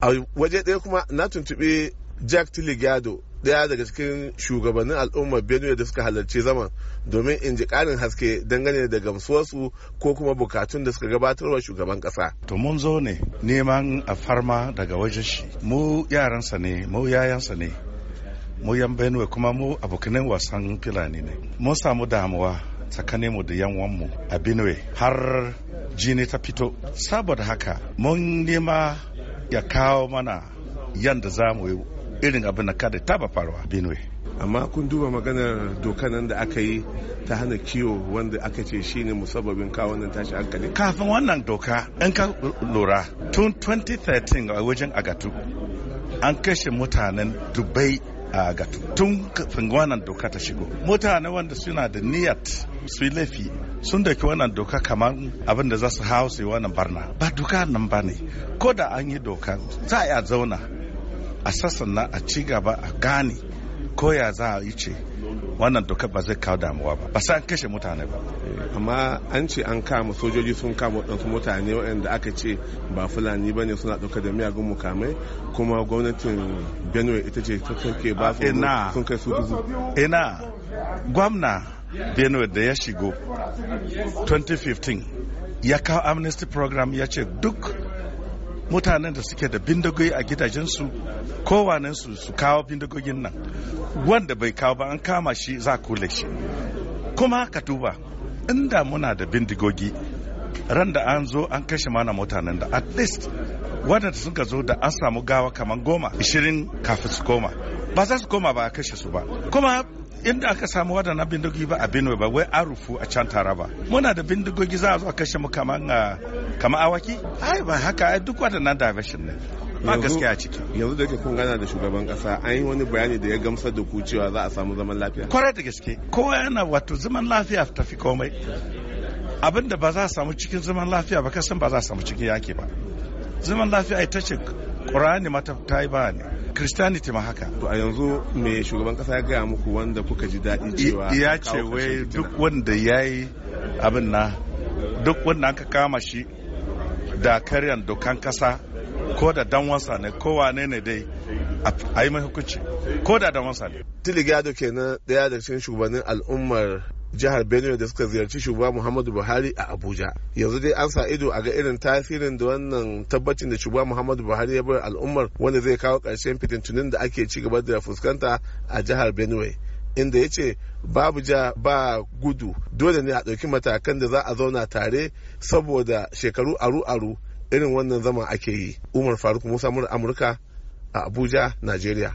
a waje ɗaya kuma na tuntuɓi jack tiligado ɗaya daga cikin shugabannin al'ummar benue da suka halarci zaman domin in ji karin haske dangane da gamsuwarsu ko kuma bukatun da suka gabatarwa shugaban ƙasa. to mun zo ne neman a farma daga wajen shi mu yaransa ne mu yayansa ne mu yan benue kuma mu abokanin wasan filani ne mun samu damuwa tsakanin mu da yanwanmu a benue har jini ta fito saboda haka mun nema ya kawo mana yadda za mu yi irin abin da kada taba faruwa benue amma kun duba maganar doka nan da aka yi ta hana kiwo wanda aka ce shi ne musababin kawo wannan tashi hankali kafin wannan doka in ka lura tun 2013 a wajen agatu an kashe mutanen dubai a gatu tun kafin wannan doka ta shigo mutane wanda suna da niyat su yi laifi sun dauki wannan doka kamar abin da za su hawo su yi wannan barna ba doka nan ba ne ko da an yi doka za a zauna a sassana a ci gaba a gane ko ya za a yi ce wannan doka ba zai kawo damuwa ba ba san kashe mutane ba eh, amma an ce an kama sojoji sun kama waɗansu mutane waɗanda aka ce ba fulani ba ne suna ɗauka da miyagun mukamai kuma gwamnatin benue ita ce ta ke ba su sun kai su dubu ina gwamna benue da ya shigo 2015 ya kawo amnesty program ya ce duk mutanen da suke da bindigogi a gidajensu kowanensu su kawo bindigogin nan wanda bai kawo ba an kama shi za kule shi kuma ka duba inda muna da bindigogi ran da an zo an kashe mana mutanen da at least wadanda suka zo da an samu gawa kamar goma ishirin kafin su koma ba za su koma ba a kashe su ba kuma inda aka samu waɗannan bindigogi ba a benue ba wai an rufu a can ba muna da bindigogi za a zo a kashe mu kamar ah, kamar awaki ai ba haka duk waɗannan diversion ne ba gaskiya ciki yanzu da ke kun gana da shugaban kasa an yi wani bayani da ya gamsar da ku cewa za a samu zaman lafiya kwarai da gaske kowa yana wato zaman lafiya tafi komai abin da ba za a samu cikin zaman lafiya ba kasan ba za a samu cikin yaki ba zaman lafiya ita ce ƙurani mata ta yi ba ne christianity ma haka to a yanzu me shugaban kasa ya gaya muku wanda kuka ji daɗi cewa ya ce wai duk wanda ya yi abin na duk wanda aka kama shi da karyan dokan kasa ko da danwansa ne ko wane ne dai a yi mahukunci ko da dan danwansa ne. Tiligado kenan daya da cikin shugabannin al'ummar jihar Benue da suka ziyarci shugaba Muhammadu Buhari a Abuja. Yanzu dai an sa ido a ga irin tasirin da wannan tabbacin da shugaba Muhammadu Buhari ya bar al'ummar wanda zai kawo ƙarshen fitintunin da ake ci gaba da fuskanta a jihar Benue. inda ya ce babu ja ba gudu dole ne a ɗauki matakan da za a zauna tare saboda shekaru aru-aru irin wannan zama ake yi umar faruk musa amurka a abuja najeriya